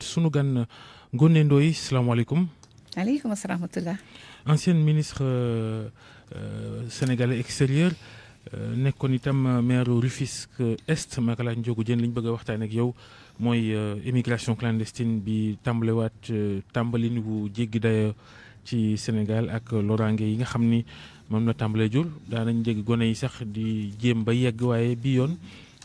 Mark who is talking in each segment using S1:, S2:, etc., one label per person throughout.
S1: sunu gan Ngoné ndoy salaamaaleykum.
S2: aleykum salaam wa
S1: ancienne ministre euh, euh, sénégalais extérieur euh, nekkoon itam maire Rufisque Est ma Ndiogou Diène li ñu bëgg a waxtaan ak yow moy immigration clandestine bi tàmbaliwaat tàmbalin wu jéggi dayo ci Sénégal ak loraange yi nga xamni ni moom la tàmbalee jur nañ dégg goné yi sax di jéem ba yegg waaye bi yoon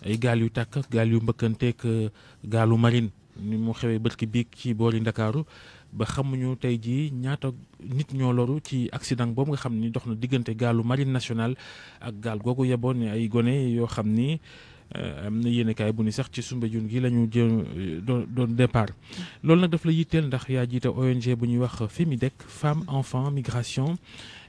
S1: ay gal yu tak gal yu ak galu marine. ni mu xewee bërki biig ci boori Ndakaaru ba xamuñu tey jii ñaata nit ñoo loru ci accident boobu nga xam ni dox na diggante gaalu marine nationale ak gaal googu yeboon ne ay gone yoo xam ni euh, am na yéenekaay bu ni sax ci Soumbédioune gi la ñu jë doon départ loolu nag daf la yitteel ndax yaa jiite ONG bu ñuy wax FEMIDEC femme enfant migration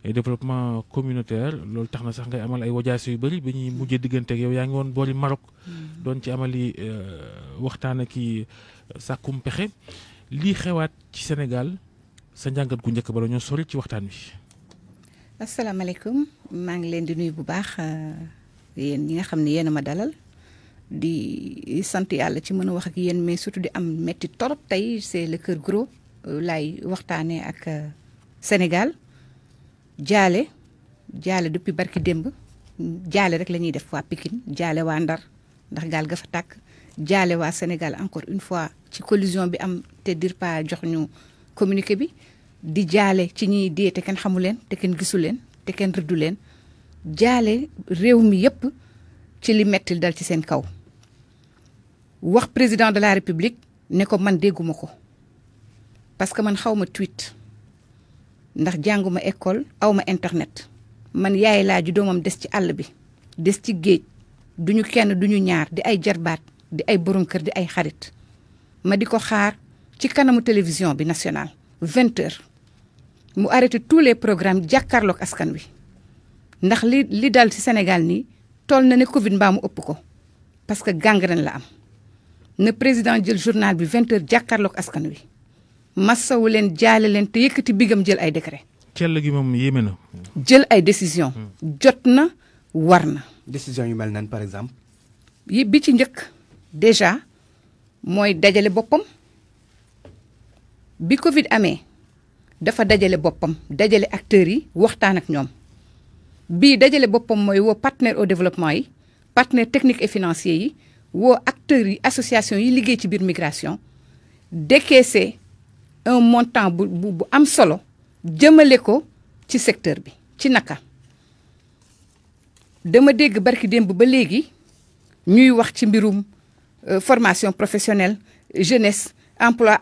S1: développement communautaire loolu tax na sax ngay amal ay wajaas yu bëri bi ñuy mujjee diggante ak yaa ngi woon boori mm. doon ci amali euh, waxtaan ak i sa pexe li xewaat ci Sénégal sa njàngat gu njëkk bala ñoo sori ci waxtaan wi.
S2: asalaamaaleykum ma ngi leen di nuyu bu baax euh, yéen ñi nga xam ne yéen a ma dalal di sant yàlla ci mën a wax ak yéen mais surtout di am metti torop tey c'est le cœur gros euh, laay waxtaanee ak euh, Sénégal jaale jaale depuis barki démb jaale rek la ñuy def waa Pikine jaale waa Ndar ndax gaal ga fa tàkk jaale waa Sénégal encore une fois ci collision bi am te DIRPA jox ñu communiqué bi di jaale ci ñiy dee kenn xamu leen te kenn gisu leen te kenn rëddu leen jaale réew mi yépp ci li metti dal ci seen kaw wax président de la république ne ko man dégguma ko parce que man xawma tweet ndax jànguma école awma internet man yaay laa ju doomam des ci àll bi des ci géej duñu kenn ñu ñaar di ay jarbaat di ay borom kër di ay xarit ma di ko xaar ci kanamu télévision bi nationale. 20 mu arrêté tous les programmes jàkkarlook askan wi ndax li li dal ci Sénégal nii toll na ne Covid mbaa mu ëpp ko parce que gangrène la am na président jël journal bi 20h jàkkaarloog askan wi massawu leen jaale leen te yëkkati bigam jël ay décret.
S1: kell gi moom yéeme
S2: na. jël ay décision hmm. jot na war na. décision yu mel nan par exemple. yi bi ci njëkk déjà. mooy dajale boppam bi Covid amee dafa dajale boppam dajale acteurs yi waxtaan ak ñoom bii dajale boppam mooy woo partenaire au développement yi partenaire technique et financier yi woo acteurs yi association yi liggéey ci biir migration décaissé un montant bu bu am solo jëmale ko ci secteur bi ci naka dama dégg barki démb ba léegi ñuy wax ci mbirum Euh, formation professionnelle jeunesse emploi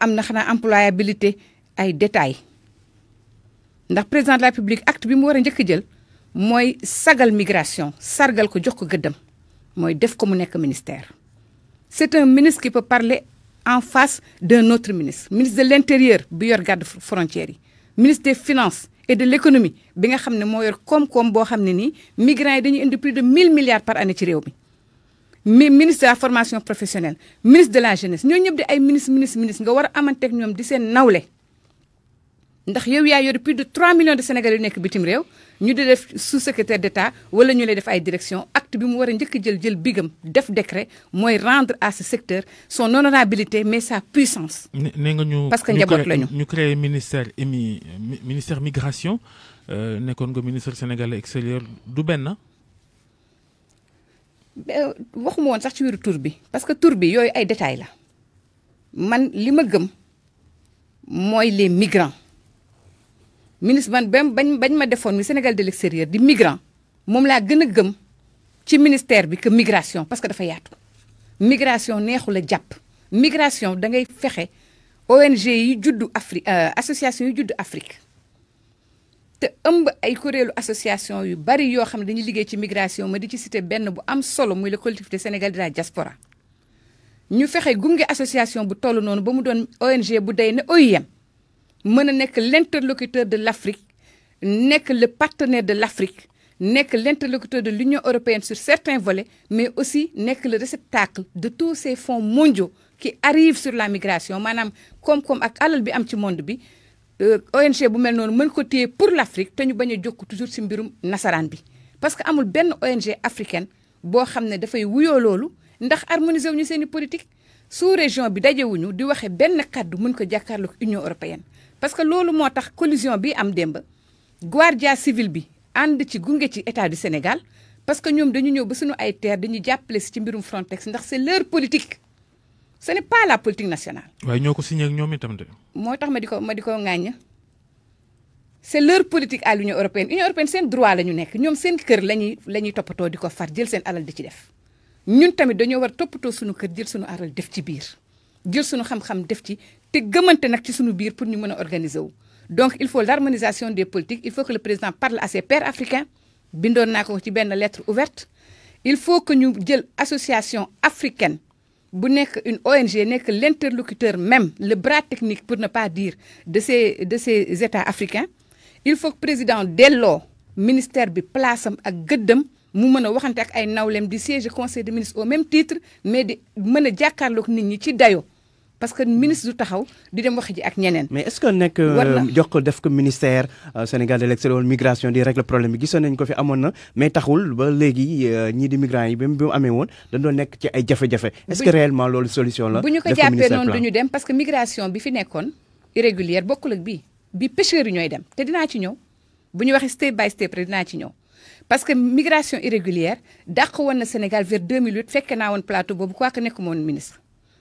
S2: employabilité ay détails ndax président de la République acte bi mo wara a jël sagal migration sargal ko jox ko gëddam def ko mu ministère. c'est un ministre qui peut parler en face d'un autre ministre ministre de l'intérieur le garde frontière, ministre des finances et de l'économie bi nga xamné mo yor comme comme bo xamné migrants yi indi plus de 1000 milliards par année ci ministère ministre de la formation professionnelle ministre de la jeunesse nous di ministre ministre ministre nga un di ndax yow plus de 3 millions de sénégalais qui sont bitim Nous ñu sous secrétaire d'État. ou wala ñu lay direction acte bi mu décret rendre à ce secteur son honorabilité mais sa puissance. parce que nous
S1: ñu ministère de ministère migration avons euh, le ministre sénégalais extérieur du
S2: euh, waxuma woon sax ci wiru tur bi parce que tur bi yooyu ay détails la man li ma gëm mooy les migrants ministre man ba bañ bañ ma defoon mi Sénégal de l'extérieur di migrant moom laa gën a gëm ci ministère bi que migration parce que dafa yaatu migration neexu la jàpp migration da ngay fexe ONG yi juddu Afrique euh, association yi juddu Afrique te ëmb ay kuréelu association yu bari yoo xam ne dañuy liggéey ci migration ma di ci cité benn bu am solo muy le de Sénégal de la diaspora ñu fexe gunge association bu toll noonu ba mu doon ONG bu day ne OIM mën a l'interlocuteur de l'Afrique, Afrique nekk le partenaire de l'Afrique, Afrique nekk l' de l'Union européenne sur certains volets mais aussi nekk le réceptacle de tous ces fonds mondiaux qui arrivent sur la migration maanaam koom-koom ak alal bi am ci monde bi Euh, ONG bu mel noonu mën ko téye pour l'Afrique te ñu bañ a jokk toujours ci mbirum nasaraan bi parce que amul benn ONG africaine boo xam ne dafay wuyoo loolu ndax harmoniser wuñu seen i politique sous région bi dajewuñu di waxe benn kàddu mën ko jàkkaarloog Union européenne parce que loolu moo tax collision bi am démb guardia civil bi ànd ci gunge ci état du Sénégal parce que ñoom dañu ñëw ba suñu ay terre dañuy jàppale si ci mbirum Frontex ndax c'est leur politique ce n'est pas la politique nationale. Oui, ils ont signé ak ñoom itam de. moo tax ma di ma c'est leur politique à l'union européenne L'Union européenne c'est un droit la ñu nekk ñoom seen kër la ñuy la ñuy toppatoo di ko far jël seen alal di ci def ñun tamit dañoo war toppatoo suñu kër jël suñu alal def ci biir jël suñu xam-xam def ci pour ñu organiser donc il faut l'harmonisation des politiques il faut que le président parle à ses pairs africains Bindon naa ko ci une lettre ouverte il faut que ñu jël association africaine bu une ONG n'est que l'interlocuteur même le bras technique pour ne pas dire de ces de ces états africains il faut que le président Dello, ministère bi place am ak place, mu mën a waxante ak ay nawleem du siège conseil des ministres au même titre mais di mën a jàkkaarloog nit ñi ci dayo parce que ministre du taxaw di dem waxi ak ñeneen. mais est-ce que nek euh,
S3: jox ko def ko ministère euh, Sénégal de l'extérieur migration di régler problème bi gisoon nañ ko fi amon na mais taxul ba légui euh, ñi di migrants yi bi mu amee woon dañ doon nek ci ay jafé jafé est-ce que réellement lolu solution la. buñu ko jàppee non du
S2: dem parce que migration bi fi nekkoon irrégulière bokkul ak bii bi pêcheur ñoy dem té dina ci ñew buñu ñu step by step dina ci ñew parce que migration irrégulière dàq won na Sénégal vers 2008 fekke na won plateau bobu quoi que nek woon ministre.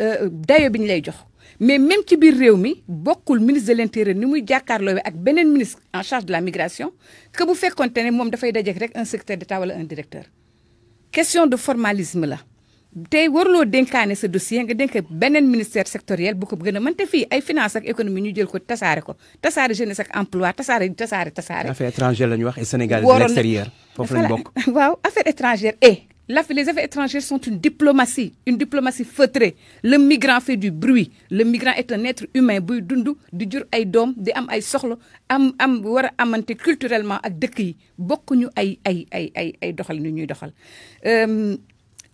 S2: Euh, dayo bi ñu lay jox mais même ci biir réew mi bokkul ministre de l'intérieur ni muy jàkkaarloo ak beneen ministre en charge de la migration que bu fekkonte ne moom dafay dajeek rek un secrétaire d'État wala un directeur question de formalisme la tey warloo dénkaane sa dossier nga dénk beneen ministère sectoriel bu ko gën a mën te fii ay finance ak économie ñu jël ko tasaare ko tasaare jeunesse ak emploi tasaare tasaare tasaare.
S3: affaire étrangère la ñu wax et sénégalais de l'extérieur. foofu la bokk
S2: waaw affaire étrangère et les affaires étrangères sont une diplomatie, une diplomatie feutrée. Le migrant fait du bruit. Le migrant est un être humain buy dundu, di jur ay dom, di am ay soxla am am war amante culturellement ak dëkk yi bokkuñu ay ay ay ay ay doxal ñuy doxal. Euh,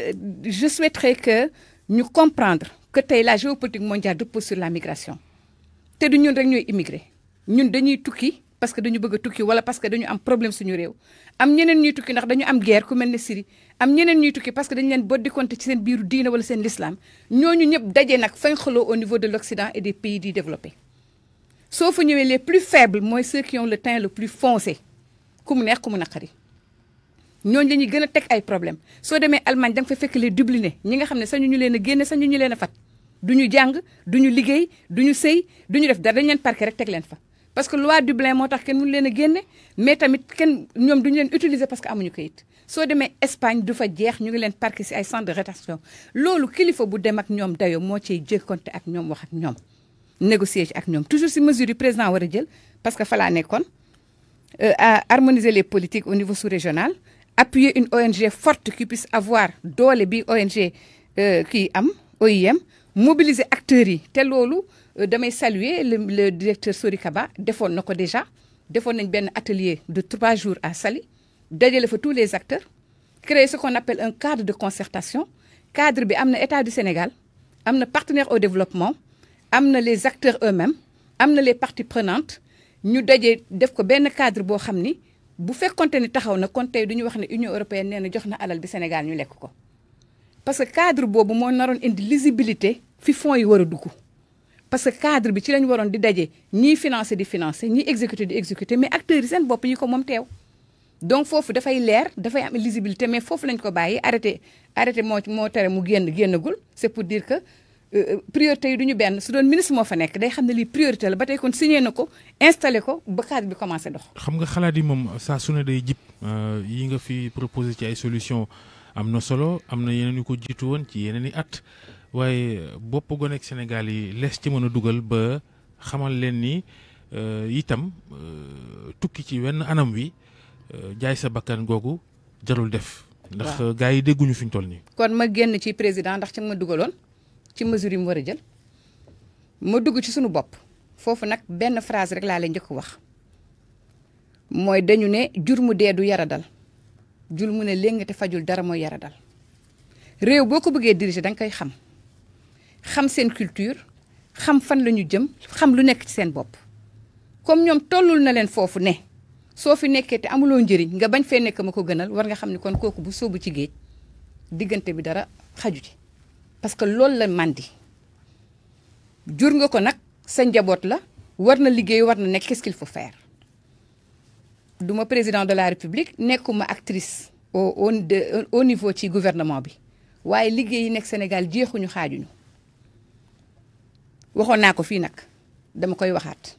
S2: euh, je souhaiterais que ñu comprendre que tay la géopolitique mondiale repose sur la migration te du ñun rek ñoy immigrer. ñun dañuy tukki parce que dañu bëgg tukki wala parce que dañu am problème suñu réew am ñeneen ñuy tukki ndax dañu am guerre ku mel ne Syrie am ñeneen ñuy tukki parce que dañu leen boddikonte ci seen biiru diine wala seen l'islam ñooñu ñëpp daje nag fañ xaloo au niveau de l'Occident et des pays du développés soo fa ñëwee les plus faibles mooy ceux qui ont le teint le plus foncé ku mu neex ku mu naqari ñooñu la ñuy gën a teg ay problème soo demee Allemagne da nga fa fekk les dublinés ñi nga xam ne sañu ñu leen a génne sañu ñu leen a fat duñu ñu jàng du ñu liggéey duñu sëy du def dara dañu leen parqué rek teg leen fa parce que loi Dublin moo tax kenn mënu leen a génne mais tamit kenn ñoom duñu leen utiliser parce que amuñu kayit soo demee Espagne du fa jeex ñu ngi leen parqué si ay centre de rétention loolu kilifa bu dem ak ñoom dayoo moo ciy jëkkonte ak ñoom wax ak ñoom négocier ci ak ñoom toujours si mesure yi président war a jël parce que fa laa nekkoon euh, à harmoniser les politiques au niveau sous-régional appuyer une ONG forte qui puisse avoir doole bi ONG euh, kii am OIM mobiliser acteurs yi te loolu euh, damay saluer le directeur Sori Kaba defoon na déjà defoon un atelier de trois jours à Sali. Saly a fa tous les acteurs créer ce qu'on appelle un cadre de concertation cadre qui amène l'État du Sénégal amène partenaires au développement amène les acteurs eux-mêmes amène les parties prenantes Nous devons def un cadre qui est ni bu fekkonte ni taxaw na kon tey l'Union Union européenne et na Sénégal parce que le cadre est une lisibilité indi lisibilité fi fonds yi du parce que cadre bi ci lañ waroon di dajé ñiy financer di financer ñiy exécuter di exécuter mais acteurs yi seen bopp yi ko moom teew. donc fay dafay da fay am éligibilité mais fofu lañ ko bayyi arrêté arrêté mo mo téré mu génn génnagul c'est pour dire que euh, euh, priorité yi duñu ben su doon ministre mo fa nek day xamné li priorité la ba tey kon signé nako ko installé ko ba cadre bi commencé dox.
S1: xam nga xalaat yi moom saa su ne day jib euh, yi nga fi proposer ci ay solution am na solo am na yeneen yu ko jitu won ci yeneen at. waaye bopp gonek Sénégal yi lees ci mën a dugal ba xamal leen ni euh, itam euh, tukki ci wenn anam wi euh, jaay sa bakkan googu jarul def. ndax gaa yi dégguñu fi ñu toll nii.
S2: kon ma génn ci président ndax ci ma dugaloon ci mesure yi mu war a jël ma dugg ci sunu bopp foofu nag benn phrase rek laa lay njëkk wax mooy dañu ne jur mu dee du yara dal jur mu ne léegi te fajul dara mooy yara dal réew boo ko bëggee diriger danga koy xam. xam seen culture xam fan la ñu jëm xam lu nekk ci seen bopp comme ñoom tollul na leen foofu ne soo fi nekkee te amuloo njëriñ nga bañ fee nekk ma ko gënal war nga xam ne kon kooku bu sóobu ci géej diggante bi dara xaju ci parce que loolu la mandi jur nga ko nag sa njaboot la war na liggéey war na nekk qu'est-ce qu'il faut faire duma président de la république nekkuma actrice au au niveau ci gouvernement bi waaye liggéey yi nekk Sénégal jeexuñu xaajuñu waxoon naa ko fii nag dama koy waxaat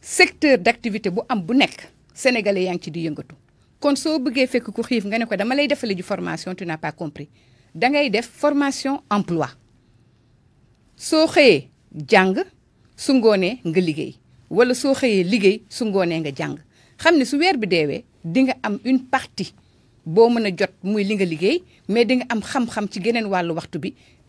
S2: secteur d'activité bu am bu nekk sénégale yaa ngi ci di yëngatu kon soo bëggee fekk ku xiif nga ne ko dama lay defale ji formation tu n'as pas compris da ngay def formation emploi soo xëyee jàng su ngoonee nga liggéey wala soo xëyee liggéey su ngoonee nga jàng xam ne su weer bi deewee dinga am une partie boo mën a jot muy li nga liggéey mais di nga am xam-xam ci geneen wàllu waxtu bi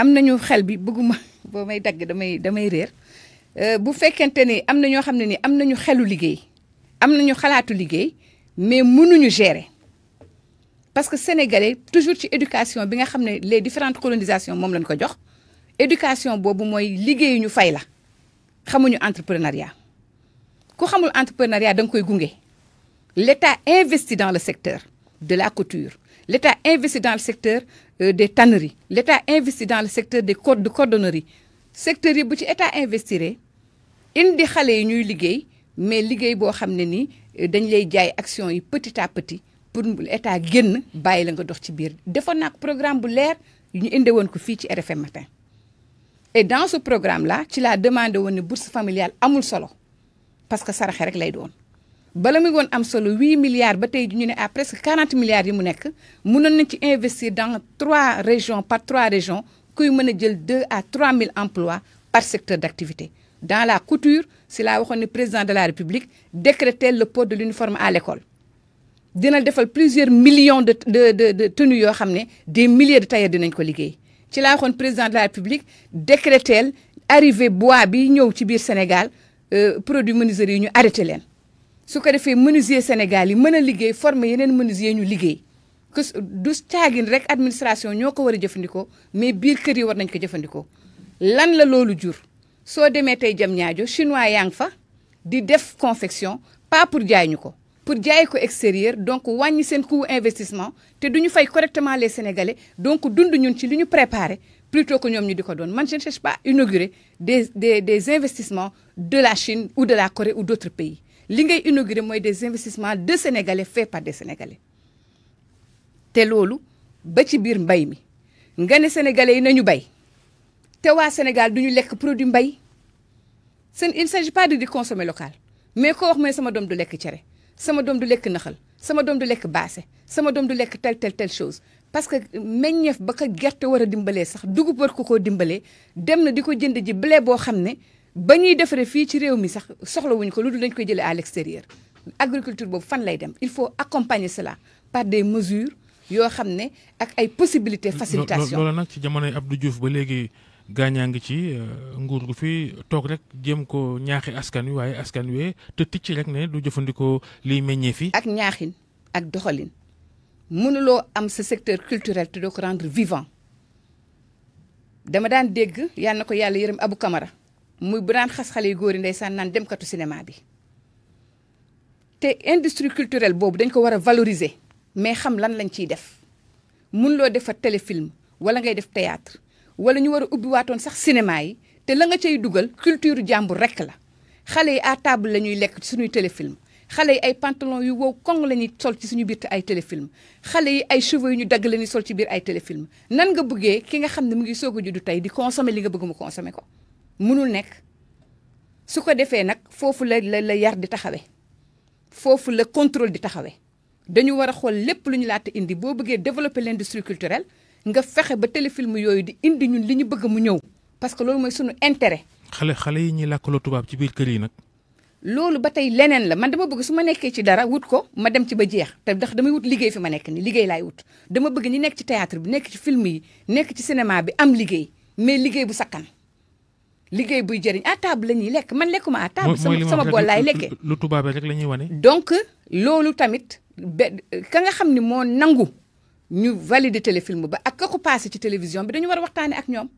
S2: am nañu xel bi bëgguma boo may dagg damay damay réer euh, bu fekkente ni am na ñoo xam ne ni am nañu xelu liggéey am nañu xalaatu liggéey mais mënuñu gérer parce que sénégalais toujours ci éducation bi nga xam ne les différentes colonisations moom lañ ko jox éducation boobu mooy liggéeyu ñu fay la xamuñu entrepreneuriat ku xamul entrepreneuriat da nga koy gunge l' état investit dans le secteur de la couture l' état investit dans le secteur euh, des tanneries l'État investit dans le secteur des cordes de cordonnerie secteur yi bu ci État investiré indi xale mais liggéey boo xam ne euh, dañ lay petit à petit pour état l'État bàyyi la nga dox ci biir defoon naa programme bu leer ñu indi woon ko RFM matin et dans ce programme là ci demandé une bourse familiale amul solo parce que ça rek lay fait. Si on 8 milliards ba tey à presque 40 milliards On mu nekk investir dans 3 régions par 3 régions kuy 2 à 3 000 emplois par secteur d'activité. dans la couture c'est là où le président de la République décrétait le port de l'uniforme à l'école. Il dina fait plusieurs millions de de de tenues des milliers de tailleurs nos ko C'est ci laa le président de la République l'arrivée arrivé bois bi ñëw ci biir Sénégal euh, produit menuiserie yi ñu arrêté su ko defee menuisier Sénégal yi mën a liggéey former yeneen menuisier ñu liggéey que du caagin rek administration ñoo ko war a jëfandikoo mais biir kër yi war nañ ko jëfandikoo lan la loolu jur soo demee tey jëm ñaajo chinois yaa ngi fa di def confection pas pour jaay ñu ko pour jaay ko extérieur donc wàññi seen coût investissement te du ñu fay correctement les sénégalais donc dund ñun ci li ñu préparé plutôt que ñoom ñu di ko doon man je ne cherche pas inaugurer des des des investissements de la Chine ou de la Corée ou d' autres pays li ngay inaugurer moy des investissements de sénégalais fait par des sénégalais té lolou ba ci bir mbay mi nga ne sénégalais yi nañu bay té wa Sénégal duñu lek produit mbay seen il s'agit pas de di consommer local mais ko wax mooy sama dom du lek cere sama dom du lek nakhal sama dom du lek baase sama dom du lek tel tel tel chose parce que meññeef ba ka gerté wara dimbalé sax dugub war ko koo dimbalee dem na diko jënd ji blé bo xamné ba ñuy defaree fii ci réew mi sax soxla wuñ ko loolu dañ koy jëlee à l'extérieur agriculture bobu fan lay dem il faut accompagner cela par des mesures yo xamné ak ay possibilités facilitation loolu
S1: nak ci jamonoy Abdou Diouf ba légui gaañaa ngi ci euh, nguur gu fi tok rek jëm ko ñaaxi askan wi waye askan wi te ticc rek né du jëfëndiko li meññee fi
S2: ak ñaaxin ak doxalin mënuloo am ce secteur culturel te do ko rendre vivant dama daan dégg yàlla na ko yàlla yërëm Abou Camara muy bu daan xas xale yu góor yi ndeysaan naan demkatu cinéma bi te industrie culturelle boobu dañ ko war a valoriser mais xam lan lañu ciy def mun loo defa téléfilm wala ngay def théâtre wala ñu war a ubbi waatoon sax cinéma yi te la nga cay dugal culture jàmbur rek la xale yi à table la ñuy lekk ci suñuy téléfilm xale yi ay pantalon yu wow koŋ la ñuy sol ci suñu biir ay téléfilm xale yi ay cheveux yu ñu dagg la ñuy sol ci biir ay téléfilm nan nga bëggee ki nga xam ne mu ngi soog a juddu di consommer li nga bëgg mu ko mënul nekk su ko defee nag foofu la la la yar di taxawe foofu la contrôle di taxawee dañu war a xool lépp lu ñu laata indi boo bëggee développer l'industrie culturelle nga fexe ba téléfilm yooyu di indi ñun li ñu bëgg mu ñëw parce que loolu mooy sunu intérêt.
S1: xale xale yi ñuy làkkaloo tubaab ci biir kër yi nag.
S2: loolu ba tey leneen la man dama bëgg su ma nekkee ci dara wut ko ma dem ci ba jeex te ndax damay wut liggéey fi ma nekk nii liggéey laay wut dama bëgg ñi nekk ci théâtre bi nekk ci film yi nekk ci cinéma bi am liggéey mais liggéey bu sakkan liggéey buy jëriñ à table la lekk man lekkuma a table. sama sama bool laay lekkee
S1: lu tubaabee rek la ñuy wane.
S2: donc loolu tamit be ka nga xam ni moo nangu ñu valider téléfilm ba ak ka ko passé ci télévision bi dañu war a waxtaane ak ñoom.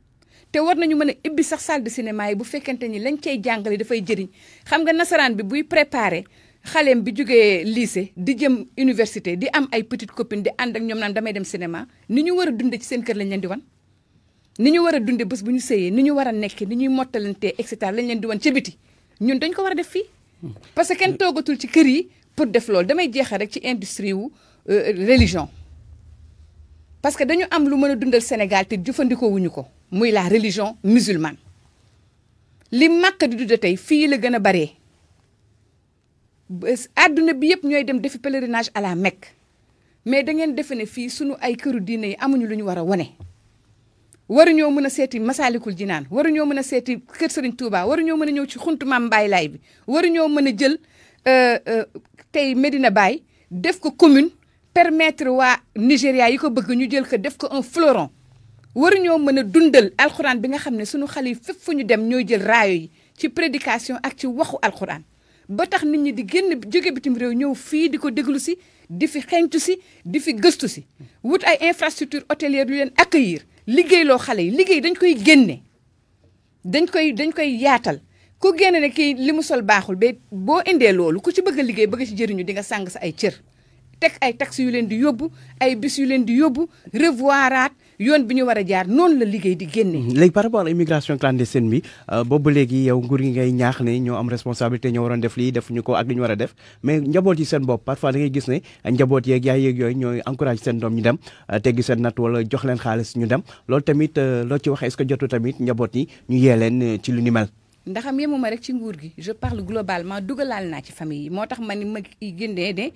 S2: te war nañu mën a ibbi sax salle de cinéma yi bu fekkente ni lañ cay jàngale dafay jëriñ xam nga nasaraan bi buy préparé xaleem bi jógee lycée di jëm université di am ay petites copines di ànd ak ñoom naan damay dem cinéma ni ñu war a ci seen kër lañ leen ni ñu war a dunde bés bu ñu sëyee ni ñu war a nekk ni ñuy mottalantee et cetera lañ leen di wan ci ñun dañ ko war a def fii parce que kenn toogatul ci kër yi pour def loolu damay jeexal rek ci industrie wu euh, religion parce que dañu am lu mën a dundal Sénégal te jëfandikoo wuñu ko muy la religion musulmane li màkk di dudde tey fii la gën a baree àdduna bi yëpp ñooy dem defi pèlerinage à la Mecque mais da defe ne fii sunu ay këru diine yi amuñu lu ñu war a wane waruñoo mën a seeti masaalikul jinaan waruñoo mën a seeti kër Serigne Touba waruñoo mën a ñëw ci xuntu maam Baye Laay bi waruñoo mën a jël euh, euh, tey médina Baye def ko commune permettre waa Nigéria yi ko bëgg ñu jël ko def ko un fleuron waruñoo mën a dundal alxuraan bi nga xam ne sunu xale yi fépp fu ñu dem ñooy jël raayo yi ci prédication ak ci waxu alxuraan ba tax nit ñi di génn jóge bitim réew ñëw fii di ko déglu si di fi xencu si di fi gëstu si wut ay infrastructure hôtelière yu leen accueillir liggéey loo xale yi liggéey dañ koy génne dañ koy dañ koy yaatal ku génne ne kii li mu sol baaxul ba boo indee loolu ku ci bëgg a liggéey bëgg ci jëriñu di nga sàng sa ay cër teg ay taxi yu leen di yóbbu ay bis yu leen di yóbbu revoiraat yoon bi ñu war a jaar noonu la liggéey di génne. Mm,
S3: léegi par rapport à immigration clandestine bi euh, boobu léegi yow nguur gi ngay ñaax ne ñoo am responsabilité ñoo waroon def lii defuñu ko ak li ñu war a def mais njaboot yi seen bopp parfois da ngay gis ne njaboot yeeg yaay yeeg yooyu ñooy encouragé seen doom ñu dem euh, teggi seen natt wala jox leen xaalis ñu dem lool tamit euh, loo ci wax est jotu tamit njaboot yi ñu yee leen ci lu ni mel.
S2: ndax am yemuma rek ci nguur gi je parle dugalaal naa ci yi moo tax ma ma génnee ne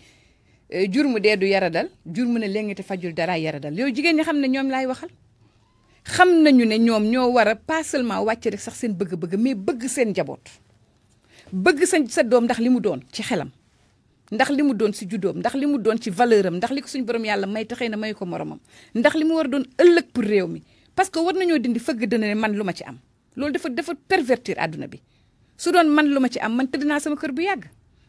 S2: Euh, jur mu dee du yara dal jur mu ne léegi te fajul dara yara dal yooyu jigéen ñi xam ne ñoom laay waxal xam nañu ne ñoom ñoo war a pas seulement sax seen bëgg-bëgg mais bëgg seen njaboot bëgg sa sa doom ndax li mu doon ci xelam ndax li mu doon si juddoom ndax li mu doon ci valeur am ndax li ko suñu borom yàlla may taxee na may ko moromam ndax li mu war a doon ëllëg pour réew mi parce que war nañoo dindi fëgg dana ne man lu ma ci am loolu dafa dafa pervertir àdduna bi su doon man lu ma ci am man tëdd sama kër bu yàgg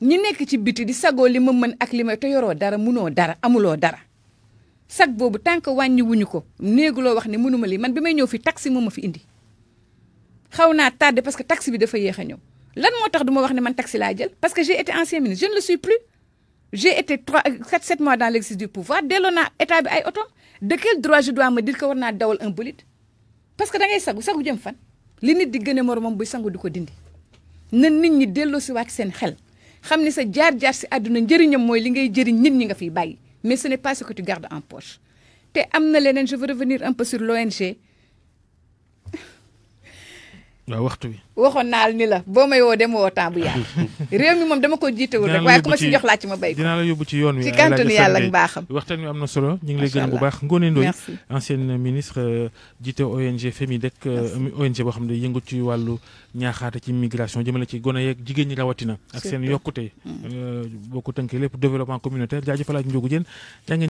S2: ñi nekk ci biti di sagoo li ma mën ak li ma te yoroo dara munoo dara amuloo dara sag boobu tant que wàññi wuñu ko néeguloo wax ni mënuma lii man bi may ñëw fi taxi moo ma fi indi xaw naa tardé parce que taxi bi dafa yéex a ñëw lan moo tax du wax ne man taxi laa jël parce que j'ai été ancien ministre je ne le suis plus j'ai été trois quatre sept mois dans l'exercice du pouvoir delloo naa état bi ay oto de quel droit je dois me dire war naa dawal un bolide parce que da sagu sagu jëm fan li nit di gën a moromam buy sangu di ko dindi na nit ñi delloo si waat seen xel xam ne sa jaar-jaar si àdduna njëriñam mooy li ngay jëriñ nit ñi nga fiy bàyyi mais ce n'est pas ce que tu gardes en poche te am na leneen je veux revenir un peu sur l'ONG waaw waxtu bi waxoon naal ni la boo may woo dem woo temps bu yàgg réew mi moom dama ko jiitewul rek waaye ku ma ma béy ko
S1: dinaa la yóbbu ci yoon wi ci kàntanu yàlla ak baaxam waxtaan wi am na solo ñu ngi lay gërëm bu baax Ngoné Ndoye ancienne ministre euh, jiite ONG FEMIDEC euh, ONG boo xam ne yëngu ci wàllu ñaaxaate ci migration jëmale ci gone yeeg jigéen ñi rawatina ak seen yokkute mm. euh, boo ko tënkee lépp développement communautaire jaajëfalaaj Ndiogou Diène